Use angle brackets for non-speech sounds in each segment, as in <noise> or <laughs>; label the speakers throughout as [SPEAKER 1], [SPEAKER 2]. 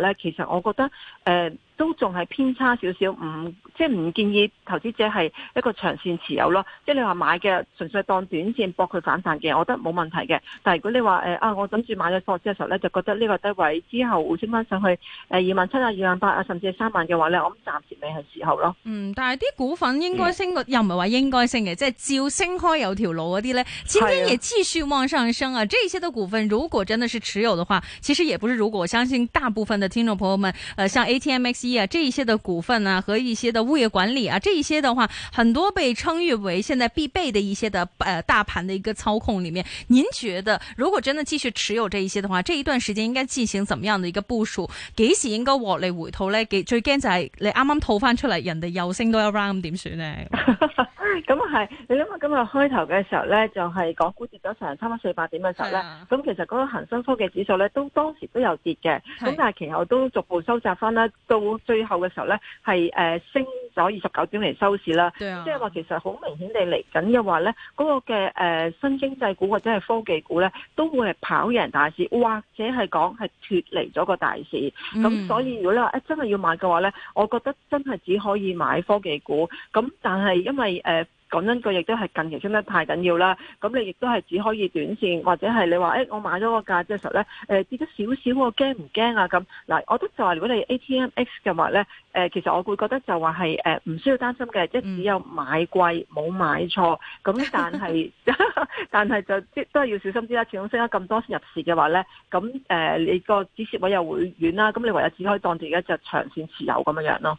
[SPEAKER 1] 咧，其實我覺得，誒、呃。都仲係偏差少少，唔即係唔建議投資者係一個長線持有咯。即係你話買嘅純粹當短線博佢反彈嘅，我覺得冇問題嘅。但係如果你話啊、呃，我諗住買咗貨之嘅時候咧，就覺得呢個低位之後會升翻上去二萬七啊、二萬八啊，00, 00, 甚至係三萬嘅話咧，我諗暫時未係時候咯。嗯，但係啲股份
[SPEAKER 2] 應該升，Yeah. 又唔係話應該升嘅，即係照升開有條路嗰啲咧，千天也繼續往上升啊！Yeah. 這些的股份如果真係是持有的話，其實也不是如果，我相信大部分的聽眾朋友們，呃、像 ATMX。啊、這一些的股份啊，和一些的物業管理啊，這一些的話，很多被稱譽為現在必備的一些的呃大盤的一個操控裡面。您覺得，如果真的繼續持有這一些的話，這一段時間應該進行怎麼樣的一個部署？幾時應該獲利回頭呢？最驚就係你啱啱套翻出嚟，人哋又升多一 round，咁點算呢？ <laughs>
[SPEAKER 1] 咁啊，係，你諗下今日開頭嘅時候咧，就係港股跌咗成差唔多四百點嘅時候咧，咁、啊、其實嗰個恆生科技指數咧，都當時都有跌嘅，咁是但係其後都逐步收窄翻啦，到最後嘅時候咧，係、呃、升咗二十九點嚟收市啦，即係話其實好明顯地嚟緊嘅話咧，嗰、那個嘅、呃、新經濟股或者係科技股咧，都會係跑贏大市，或者係講係脫離咗個大市，咁、嗯、所以如果你話誒真係要買嘅話咧，我覺得真係只可以買科技股，咁但係因為、呃講真句，亦都係近期升得太緊要啦。咁你亦都係只可以短線，或者係你話，誒、欸，我買咗個價嘅時候咧，誒、呃，跌咗少少，我驚唔驚啊？咁嗱，我都就話，如果你 ATMX 嘅話咧，誒、呃，其實我會覺得就話係，誒、呃，唔需要擔心嘅，即、就、係、是、只有買貴冇買錯。咁但係， <laughs> 但係就即都係要小心啲啦。始終升咗咁多入市嘅話咧，咁誒、呃，你個止蝕位又會遠啦。咁你唯有只可以當自己一隻長線持有咁樣樣咯。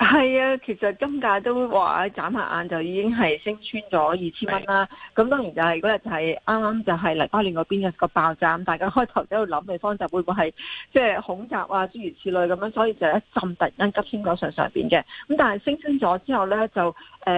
[SPEAKER 1] 係啊，其實金價都話眨下眼就已經係升穿咗二千蚊啦。咁是當然就係嗰日就係啱啱就係黎巴嫩嗰邊嘅個爆炸，大家開頭喺度諗地方就會唔會係即係恐襲啊諸如此類咁樣，所以就一浸突然急升咗上上邊嘅。咁但係升升咗之後呢，就誒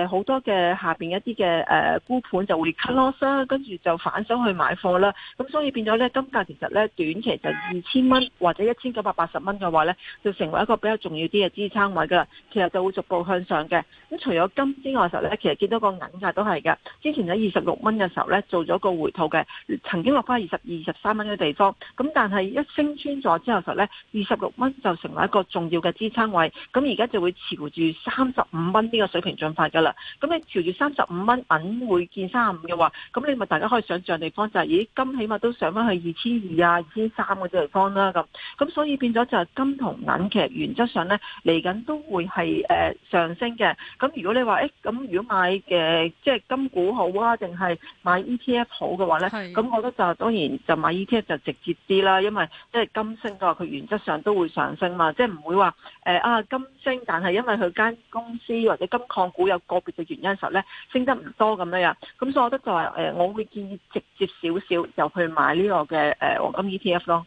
[SPEAKER 1] 好、呃、多嘅下邊一啲嘅誒沽盤就會 close 啦、啊，跟住就反手去買貨啦。咁所以變咗呢，金價其實呢，短期就二千蚊或者一千九百八十蚊嘅話呢，就成為一個比較重要啲嘅支撐位噶。其實就會逐步向上嘅。咁除咗金之外，實咧其實見到個銀價都係嘅。之前喺二十六蚊嘅時候咧，做咗個回吐嘅，曾經落翻二十二、十三蚊嘅地方。咁但係一升穿咗之後實咧，二十六蚊就成為一個重要嘅支撐位。咁而家就會朝住三十五蚊呢個水平進發㗎啦。咁你朝住三十五蚊銀會見三五嘅話，咁你咪大家可以想像地方就係、是，咦，金起碼都上翻去二千二啊、二千三嗰啲地方啦。咁咁所以變咗就係金同銀其實原則上咧嚟緊都會係。係誒、呃、上升嘅，咁如果你話誒，咁如果買嘅即係金股好啊，定係買 ETF 好嘅話咧，咁的我覺得就當然就買 ETF 就直接啲啦，因為即係、呃、金升嘅話，佢原則上都會上升嘛，即係唔會話誒、呃、啊金升。但係因為佢間公司或者金礦股有個別嘅原因時候咧升得唔多咁樣樣，咁所以我覺得就係誒、呃、我會建議直接少少就去買呢個嘅誒、呃、黃金 ETF 咯。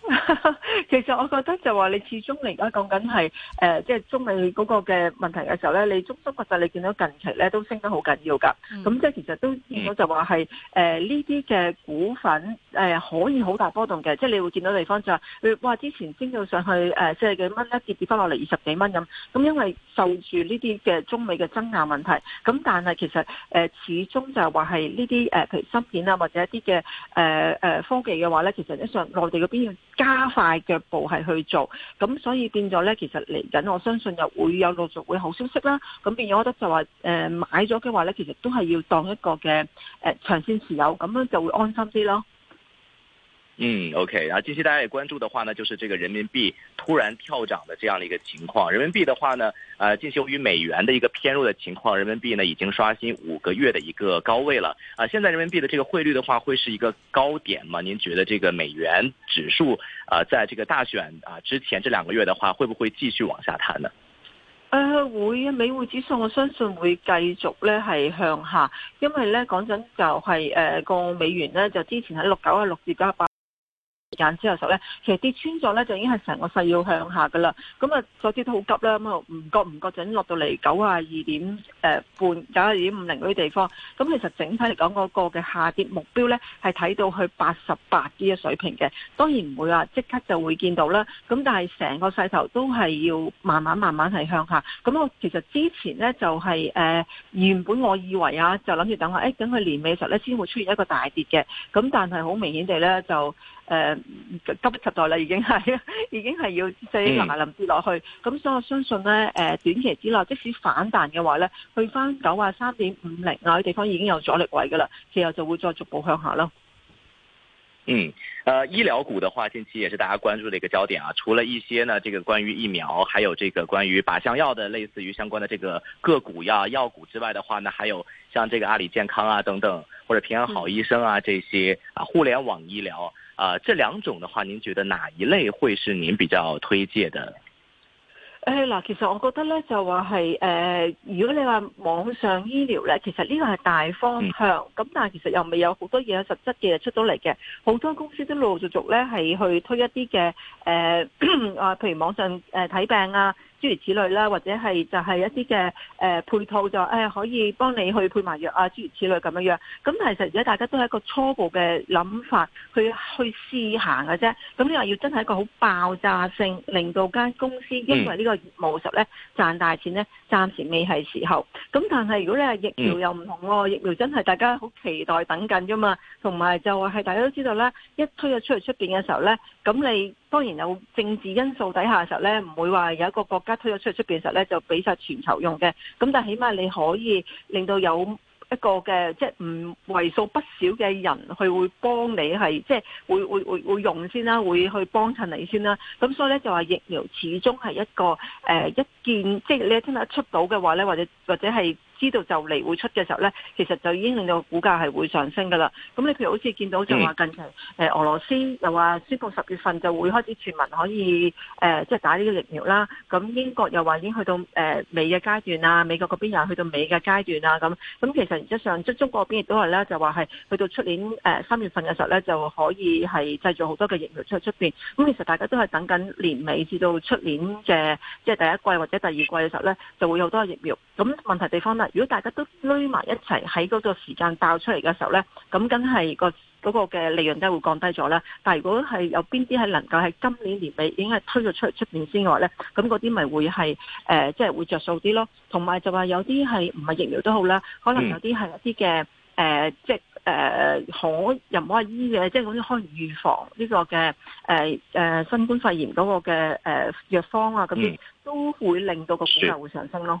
[SPEAKER 1] <laughs> 其實我覺得就話你始終你而家講緊係誒，即、呃、係、就是、中美嗰個嘅問題嘅時候咧，你中芯國際你見到近期咧都升得好緊要噶。咁即係其實都見到就話係誒呢啲嘅股份誒、呃、可以好大波動嘅，即、就、係、是、你會見到地方就話、是，哇之前升到上去誒，即係幾蚊一跌跌翻落嚟二十幾蚊咁。咁因為受住呢啲嘅中美嘅爭拗問題，咁但係其實誒、呃、始終就係話係呢啲誒譬如芯片啊或者一啲嘅誒誒科技嘅話咧，其實一上內地嗰邊要。加快腳步係去做，咁所以變咗呢。其實嚟緊我相信又會有陸續會好消息啦。咁變咗，我覺得就話、呃、買咗嘅話呢，其實都係要當一個嘅、呃、長線持有，咁樣就會安心啲咯。
[SPEAKER 3] 嗯，OK，然後近期大家也關注的話呢，就是這個人民幣突然跳漲的這樣的一個情況。人民幣的話呢，呃由於美元的一個偏弱的情況，人民幣呢已經刷新五個月的一個高位了。啊，現在人民幣的這個匯率的話，會是一個高點嗎？您覺得這個美元指數啊，在這個大選啊之前這兩個月的話，會不會繼續往下彈呢？誒、
[SPEAKER 1] 呃，會啊，美匯指數我相信會繼續呢係向下，因為呢講真就係呃個美元呢就之前喺六九啊六至到八。眼之後時候咧，其實跌穿咗咧，就已經係成個勢要向下噶啦。咁啊，再跌得好急啦，咁啊唔覺唔覺就落到嚟九啊二點誒半、九啊二點五零嗰啲地方。咁其實整體嚟講，嗰個嘅下跌目標咧，係睇到去八十八啲嘅水平嘅。當然唔會話、啊、即刻就會見到啦。咁但係成個勢頭都係要慢慢慢慢係向下。咁我其實之前咧就係、是、誒、呃、原本我以為啊，就諗住等下誒等佢年尾時候咧先會出現一個大跌嘅。咁但係好明顯地咧就。誒，急不及待啦，已經係，已經係要即係泥林跌落去。咁、嗯、所以我相信呢，誒、呃、短期之內即使反彈嘅話呢，去返九啊三點五零啊啲地方已經有阻力位噶啦，之後就會再逐步向下咯。嗯，誒、
[SPEAKER 3] 呃、醫療股的話，近期也是大家關注嘅一個焦點啊。除了一些呢，這個關於疫苗，還有這個關於靶向藥的，類似於相關的這個個股呀、藥股之外的話呢，還有像這個阿里健康啊等等，或者平安好醫生啊、嗯、這些啊，互聯網醫療。啊、呃，這兩種的話，您覺得哪一類會是您比較推介的？
[SPEAKER 1] 誒嗱，其實我覺得呢就話係誒，如果你話網上醫療呢，其實呢個係大方向，咁、嗯、但係其實又未有好多嘢，有實質嘅出到嚟嘅，好多公司都陸陸續續呢係去推一啲嘅誒啊，譬如網上誒睇病啊。諸如此類啦，或者係就係一啲嘅誒配套就，就、哎、誒可以幫你去配埋藥啊，諸如此類咁樣樣。咁其實而家大家都係一個初步嘅諗法去，去去試行嘅啫。咁你話要真係一個好爆炸性，令到間公司因為個呢個業務實咧賺大錢咧，暫時未係時候。咁但係如果你係疫苗又唔同喎、啊，疫苗真係大家好期待等緊㗎嘛，同埋就係大家都知道啦，一推咗出嚟出面嘅時候咧，咁你。當然有政治因素底下嘅時候咧，唔會話有一個國家推咗出去出邊嘅時候咧，就俾晒全球用嘅。咁但係起碼你可以令到有一個嘅，即係唔為數不少嘅人去會幫你係，即係會會會會用先啦，會去幫襯你先啦。咁所以咧就話疫苗始終係一個誒、呃、一件，即係你聽日出到嘅話咧，或者或者係。知道就嚟會出嘅時候呢，其實就已經令到股價係會上升㗎啦。咁你譬如好似見到就話近期誒俄羅斯又話宣布十月份就會開始全民可以誒即係打呢個疫苗啦。咁英國又話已經去到誒尾嘅階段啊，美國嗰邊又去到美嘅階段啊咁。咁其實實質上中中國嗰邊亦都係呢，就話係去到出年誒三月份嘅時候呢，就可以係製造好多嘅疫苗出出邊。咁其實大家都係等緊年尾至到出年嘅即係第一季或者第二季嘅時候呢，就會有好多嘅疫苗。咁問題地方呢。如果大家都攏埋一齊喺嗰個時間爆出嚟嘅時候咧，咁梗係個嗰個嘅利潤都會降低咗啦。但如果係有邊啲係能夠喺今年年尾已經係推咗出出面之外咧，咁嗰啲咪會係即係會著數啲咯。同埋就話有啲係唔係疫苗都好啦，可能有啲係一啲嘅誒即係誒可又唔好話醫嘅，即係嗰啲可以預防呢個嘅誒誒新冠肺炎嗰個嘅誒、呃、藥方啊，嗰啲都會令到個股價會上升咯。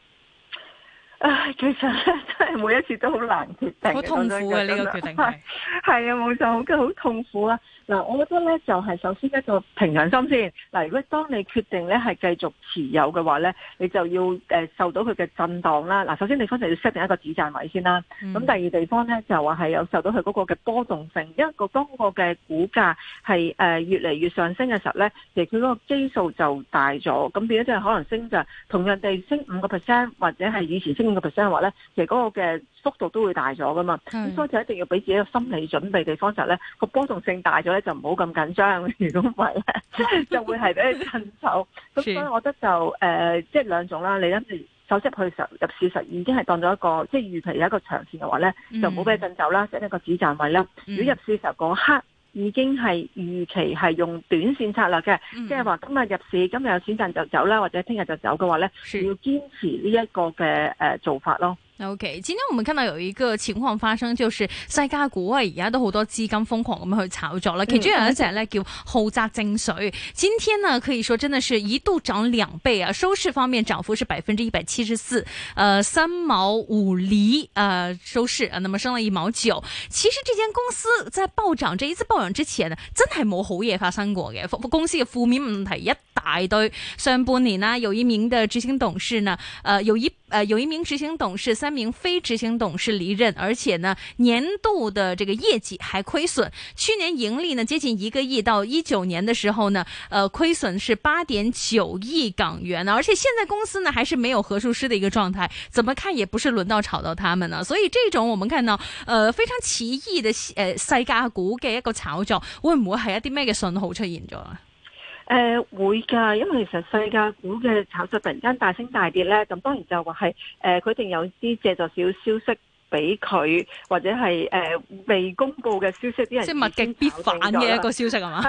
[SPEAKER 1] 啊，其實咧真係每一次都好難決定，好痛苦嘅呢樣個決定是。係係啊，冇錯，好好痛苦啊！嗱，我覺得咧就係、是、首先一個平常心先。嗱，如果當你決定咧係繼續持有嘅話咧，你就要誒、呃、受到佢嘅震盪啦。嗱，首先地方就要設定一個止賺位先啦。咁、嗯、第二地方咧就話係有受到佢嗰個嘅波動性，因為個當個嘅股價係誒越嚟越上升嘅時候咧，其實佢嗰個基數就大咗，咁變咗即係可能升就同樣地升五個 percent 或者係以前升。個話咧，其實嗰個嘅幅度都會大咗噶嘛，咁是所以就一定要俾自己個心理準備。地方就係咧，個波動性大咗咧，就唔好咁緊張，如果唔係， <laughs> 就會係俾你震手。咁全所以，我覺得就誒、呃，即係兩種啦。你諗住首先入嘅時候入市時已經係當咗一個即係預期有一個長線嘅話咧，嗯、就唔好俾你震走啦，即係一個止賺位啦。嗯、如果入市時候嗰刻，已經係預期係用短線策略嘅，即係話今日入市，今日有錢賺就走啦，或者聽日就走嘅話呢，要堅持呢一個嘅做法咯。
[SPEAKER 2] O.K. 今天我們看到有一個情況發生，就是細價股啊，而家都好多資金瘋狂咁樣去炒作啦。其中有一隻呢，叫浩澤淨水，今天呢，可以說真的是一度漲兩倍啊！收市方面，漲幅是百分之一百七十四，呃，三毛五厘呃，收市，啊、呃，那麼升了一毛九。其實這間公司在暴漲，這一次暴漲之前，真係冇好嘢發生過嘅，公司嘅負面問題一大堆。上半年呢，有一名嘅執行董事呢，呃，有一。呃，有一名執行董事，三名非執行董事離任，而且呢，年度的這個業績還虧損。去年盈利呢接近一個億，到一九年的時候呢，呃，虧損是八點九億港元呢。而且現在公司呢還是沒有核數師的一個狀態，怎麼看也不是輪到炒到他們呢。所以這種我們看到呃非常奇異的呃細價股嘅一個炒作，會唔會係一啲咩嘅信號出現咗？
[SPEAKER 1] 誒會㗎，因為其實世界股嘅炒作突然間大升大跌咧，咁當然就話係誒佢一定有啲借助少消息俾佢，或者係、呃、未公佈嘅消息啲人。即係物極必反嘅一個消息係嘛？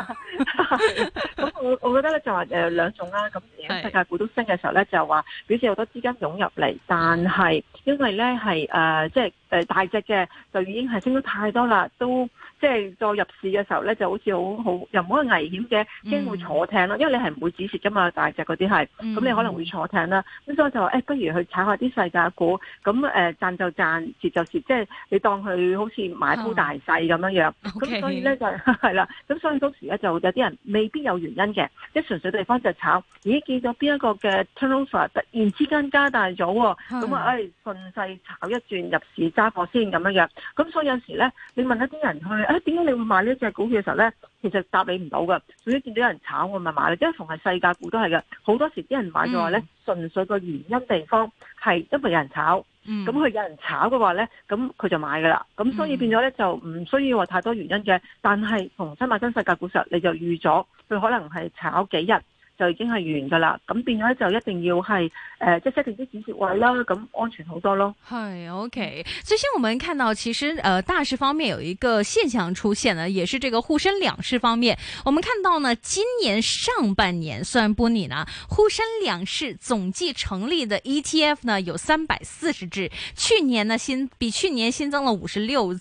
[SPEAKER 1] 咁 <laughs> <laughs> <laughs> 我我覺得咧就話誒兩種啦、啊。咁世界股都升嘅時候咧，是就話表示好多資金湧入嚟，但係因為咧係誒即係。呃、大隻嘅就已經係升咗太多啦，都即係再入市嘅時候咧，就好似好好又唔可以危險嘅，驚會坐艇咯。嗯、因為你係唔會止蝕㗎嘛，大隻嗰啲係，咁、嗯、你可能會坐艇啦。咁、嗯、所以就話、欸、不如去炒一下啲細價股，咁誒、呃、賺就賺，蝕就蝕，即、就、係、是、你當佢好似買鋪大細咁樣，咁所以咧就係啦，咁所以當時咧就有啲人未必有原因嘅，即、就、係、是、純粹地方就炒。咦，見到邊一個嘅 turnover 突然之間加大咗喎，咁啊誒順勢炒一轉入市。先咁咁所以有時咧，你問一啲人去，誒點解你會買呢隻股票嘅時候咧，其實答你唔到嘅。所以見到有人炒，我咪買咯。因為逢係世界股都係嘅，好多時啲人買嘅話咧，純粹個原因地方係因為有人炒，咁佢有人炒嘅話咧，咁佢就買㗎啦。咁所以變咗咧，就唔需要話太多原因嘅。但係逢新買新世界股實，你就預咗佢可能係炒幾日。就已經係完噶啦，咁變咗就一定要係誒，即係 set 定啲止蝕位啦，咁安全好多咯。係，OK。首先，我們看到其實呃大市方面有一個
[SPEAKER 2] 現象出現呢，也是這個滬深兩市方面，我們看到呢今年上半年，雖然波你呢，滬深兩市總計成立的 ETF 呢有三百四十隻，去年呢新比去年新增了五十六隻。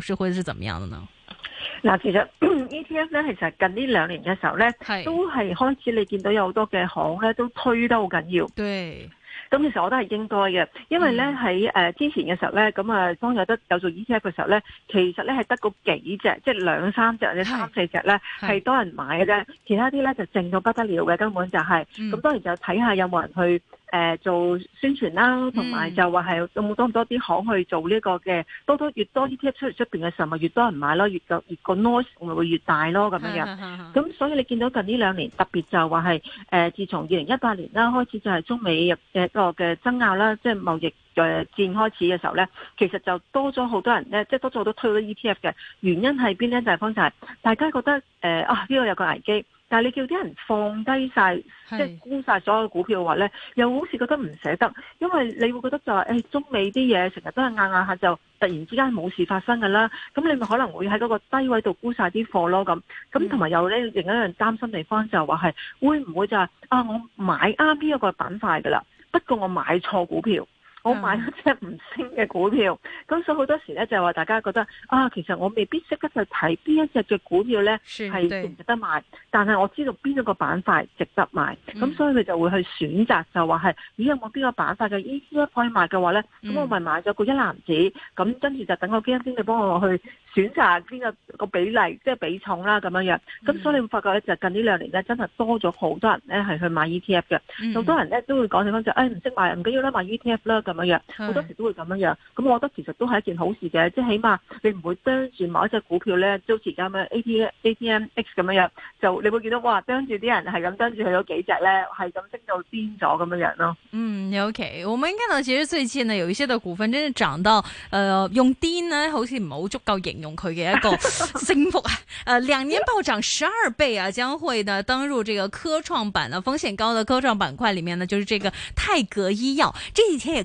[SPEAKER 2] 是會是怎麼樣嘅呢？
[SPEAKER 1] 嗱，其實 E T F 咧，其實近呢兩年嘅時候咧，是都係開始你見到有好多嘅行咧，都推得好緊要。對，咁其實我都係應該嘅，因為咧喺誒之前嘅時候咧，咁啊當有得有做 E T F 嘅時候咧，其實咧係得個幾隻，即係兩三隻或者三四隻咧，係是多人買嘅啫，其他啲咧就靜到不得了嘅，根本就係、是，咁、嗯、當然就睇下有冇人去。誒、呃、做宣傳啦，同埋就話係有冇多唔多啲行去做呢個嘅多多越多 ETF 出嚟出邊嘅時候，咪越多人買咯，越個越個 noise 咪會越大咯咁樣樣。咁 <music> 所以你見到近呢兩年特別就話係、呃、自從二零一八年啦開始就係中美入個嘅爭拗啦，即係貿易戰開始嘅時候咧，其實就多咗好多人咧，即係多咗好多推咗 ETF 嘅原因係邊咧？就係方就係、大家覺得誒、呃、啊呢個有個危機。但係你叫啲人放低晒，即係沽晒所有股票嘅話咧，是又好似覺得唔捨得，因為你會覺得就係，誒，中美啲嘢成日都係硬下下，就突然之間冇事發生㗎啦，咁你咪可能會喺嗰個低位度沽晒啲貨咯，咁，咁同埋又咧另一樣擔心地方就係話係會唔會就係，啊我買啱呢一個板塊㗎啦，不過我買錯股票。我買咗一隻唔升嘅股票，咁所以好多時咧就係話大家覺得啊，其實我未必識得去睇邊一隻嘅股票咧係值唔值得買，但係我知道邊一個板塊值得買，咁、嗯、所以佢就會去選擇就話係咦有冇邊個板塊嘅 E T F 可以買嘅話咧，咁我咪買咗個一籃子，咁跟住就等個基金經理幫我去選擇邊個個比例，即係比重啦咁樣樣。咁所以你會發覺咧，就近呢兩年咧真係多咗好多人咧係去買 E T F 嘅，好多人咧都會講嘅方就係誒唔識買唔緊要啦，買 E T F 啦咁。咁樣，好多時都會咁樣樣，咁我覺得其實都係一件好事嘅，即係起碼你唔會跟住某一隻股票咧，好似而家咩 A T A T M X 咁樣樣，就你會見到哇，跟住啲人係咁跟住佢有幾隻咧，係咁升到癲咗咁樣樣咯。
[SPEAKER 2] 嗯，OK，我們應該諗其實呢最近呢，有一些嘅股份真係漲到，誒、呃，用癲呢好似唔好足夠形容佢嘅一個升幅。誒、 <laughs> 呃，兩年暴漲十二倍啊，將會呢登入這個科創板嘅風險高的科創板塊裏面呢，就是這個泰格醫藥，這幾天也。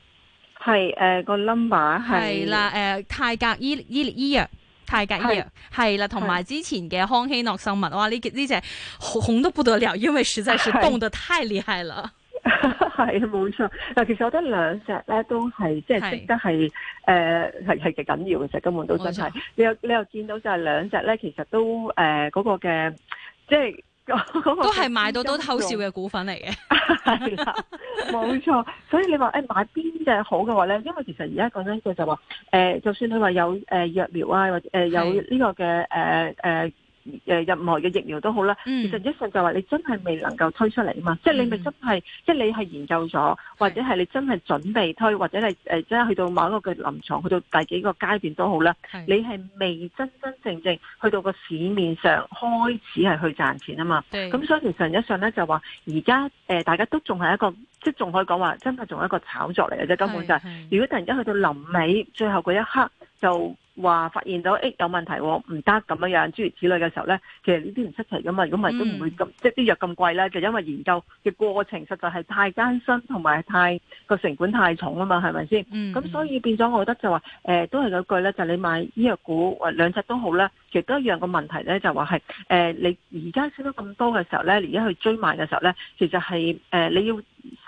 [SPEAKER 2] 係誒個 number 係係啦誒、呃、
[SPEAKER 1] 泰格醫醫醫藥
[SPEAKER 2] 泰格醫藥係啦，同埋之前嘅康希諾生物，哇呢呢隻紅紅得不得了，因為實在是凍得太厲害啦。
[SPEAKER 1] 係冇錯，嗱其實我覺得兩隻咧都係即係值得係誒係係極緊要嘅，就是是呃、根本都真係錯你又你又見到就係兩隻咧，其實都誒嗰、呃嗰個嘅即係。 <laughs> 都係買到都偷笑嘅股份嚟嘅， <laughs> 係啦，冇錯。所以你話誒買邊隻好嘅話咧，因為其實而家講緊一句就話，誒、呃、就算你話有誒、呃、疫苗啊或者誒、呃、有呢個嘅誒誒。呃呃誒任何嘅疫苗都好啦，其實一上就話你真係未能夠推出嚟啊嘛，嗯、即係你咪真係，即係你係研究咗，或者係你真係準備推，是的 或者係即係去到某一個嘅臨床，去到第幾個階段都好啦，是的 你係未真真正正去到個市面上開始係去賺錢啊嘛，咁是的 所以其實一上咧就話而家大家都仲係一個，即係仲可以講話真係仲係一個炒作嚟嘅啫，是的 根本就係、是、是的 如果突然間去到臨尾最後嗰一刻。就話發現到誒有問題唔得咁樣樣，諸如此類嘅時候咧，其實呢啲唔出奇噶嘛。如果唔係都唔會咁，嗯、即係啲藥咁貴呢，就因為研究嘅過程實在係太艱辛，同埋太個成本太重啊嘛，係咪先？咁、嗯、所以變咗，我覺得就話、係、誒、呃，都係嗰句咧，就係、你買醫藥股或兩隻都好啦、就係呃，其實都一樣個問題咧，就話係誒，你而家升得咁多嘅時候咧，你而家去追賣嘅時候咧，其實係誒你要。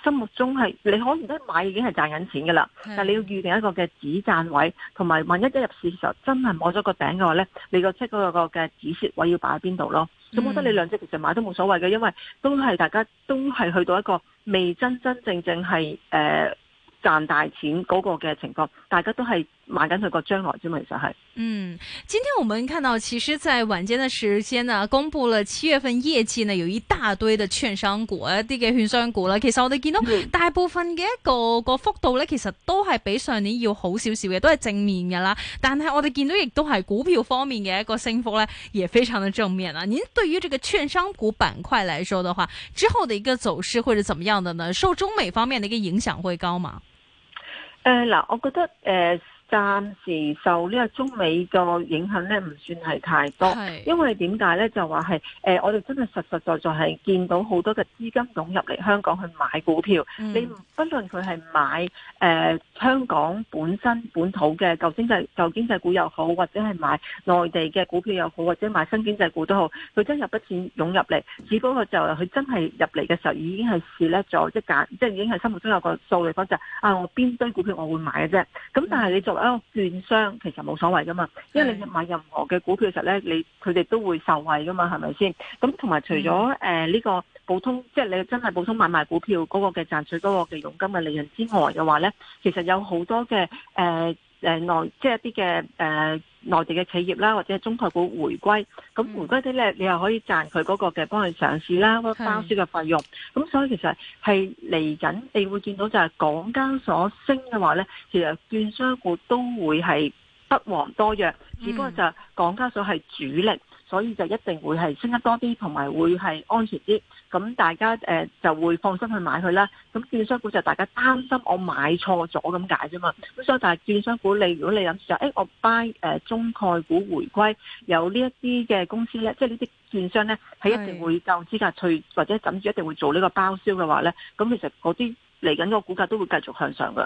[SPEAKER 1] 心目中係你可能都買已經係賺緊錢㗎啦，的嗯、但你要預定一個嘅止賺位，同埋萬一一入市嘅時候真係摸咗個頂嘅話咧，你的的個出嗰個嘅止蝕位要擺喺邊度咯？咁我、嗯、覺得你兩隻其實買都冇所謂嘅，因為都係大家都係去到一個未真真正正係誒、呃、賺大錢嗰個嘅情況，大家都係。買緊佢個將來啫嘛，其
[SPEAKER 2] 實係。嗯，今天我們看到，其實，在晚間的時間呢，公佈了七月份業績呢，有一大堆的券商股，一啲嘅券商股啦。其實我哋見到大部分嘅一個個幅度呢，其實都係比上年要好少少嘅，都係正面噶啦。但係我哋見到亦都係股票方面嘅一個升幅呢，也非常的正面啦。您對於這個券商股板塊來說的話，之後的一個走勢會是怎麼樣的呢？受中美方面的一個影響會高嗎？
[SPEAKER 1] 誒，嗱，我覺得誒。呃暫時受呢個中美個影響咧，唔算係太多，是因為點解咧？就話係誒，我哋真係實實在在係見到好多嘅資金湧入嚟香港去買股票。嗯、你不論佢係買誒、呃、香港本身本土嘅舊，舊經濟股又好，或者係買內地嘅股票又好，或者買新經濟股都好，佢真有筆錢湧入嚟。只不過就佢真係入嚟嘅時候已經係試甩咗，即係揀，即係已經係心目中有個數嚟講就係、是、啊，我邊堆股票我會買嘅啫。咁但係你作為哦，券商其實冇所謂噶嘛，因為你買任何嘅股票嘅時候咧，你佢哋都會受惠噶嘛，係咪先？咁同埋除咗誒呢個普通，即係你真係普通買賣股票嗰個嘅賺取嗰個嘅佣金嘅利潤之外嘅話咧，其實有好多嘅誒誒內，即係一啲嘅誒。呃內地嘅企業啦，或者係中概股回歸，咁、嗯、回歸啲咧，你又可以賺佢嗰個嘅幫佢上市啦、幫佢包銷嘅費用，咁是所以其實係嚟緊，你會見到就係港交所升嘅話咧，其實券商股都會係不遑多讓，嗯、只不過就係港交所係主力。所以就一定會係升得多啲，同埋會係安全啲，咁大家、呃、就會放心去買佢啦。咁券商股就大家擔心我買錯咗咁解啫嘛。咁所以但係券商股你如果你諗住誒我 buy、呃、中概股回歸，有呢一啲嘅公司咧，即係、嗯、呢啲券商咧係一定會夠資格去或者諗住一定會做呢個包銷嘅話咧，咁其實嗰啲嚟緊嗰個股價都會繼續向上㗎。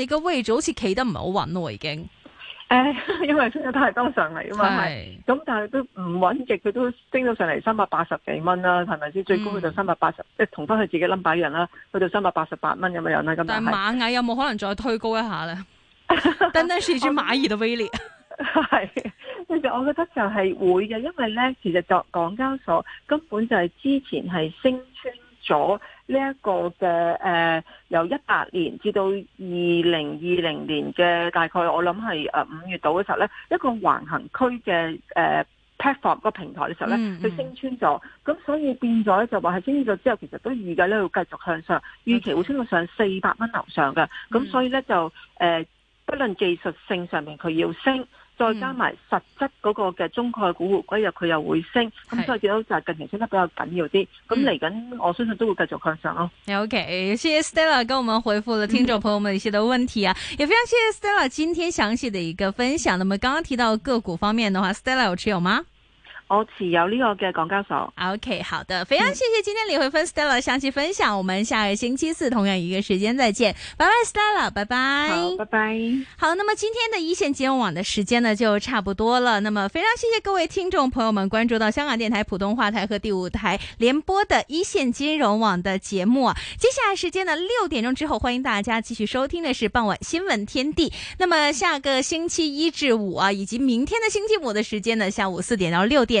[SPEAKER 1] 你個位組好似企得唔係好穩咯，已經。誒、欸，因為佢都係升太上嚟啊嘛，咁是但係都唔穩值，佢都升到上嚟三百八十幾蚊啦，係咪先？嗯、最高佢就三百八十，即係同翻佢自己 number 一樣啦，去到三百八十八蚊咁樣樣、啊、啦。是但係螞
[SPEAKER 2] 蟻有冇可能再推高一下咧？單單是一隻螞蟻
[SPEAKER 1] 嘅威力，係其實我覺得就係會嘅，因為咧其實就港交所根本就係之前係升穿咗。呢一個嘅誒、呃，由一八年至到二零二零年嘅大概，我諗係誒五月度嘅時候咧，一個橫行區嘅誒 platform 個平台嘅時候咧，佢、嗯、升穿咗，咁、嗯、所以變咗就話係升穿咗之後，其實都預計咧要繼續向上，預期會升到400上四百蚊樓上嘅，咁、嗯、所以咧就誒、呃，不論技術性上面佢要升。再加埋實質嗰個嘅中概股日佢又會升，咁、嗯、所以見到就近期升得比較緊要啲。咁嚟緊我相信都會繼續向上
[SPEAKER 2] 咯、嗯。OK，謝謝 Stella 跟我們回覆了聽眾朋友們一些的問題啊，嗯、也非常謝謝 Stella 今天詳細的一個分享。咁麼剛剛提到個股方面的話，Stella 有持有嗎？我持有呢個嘅港交所。O、okay, K，好的，非常謝謝今天李慧芬 Stella、嗯、詳細分享，我們下個星期四同樣一個時間再見，拜拜，Stella，拜拜，好，拜拜，好，那麼今天的一線金融網的時間呢就差不多了，那麼非常謝謝各位聽眾朋友們關注到香港電台普通話台和第五台聯播的一線金融網的節目、啊，接下來時間呢六點鐘之後歡迎大家繼續收聽的是傍晚新聞天地，那麼下個星期一至五啊以及明天的星期五的時間呢下午四點到六點。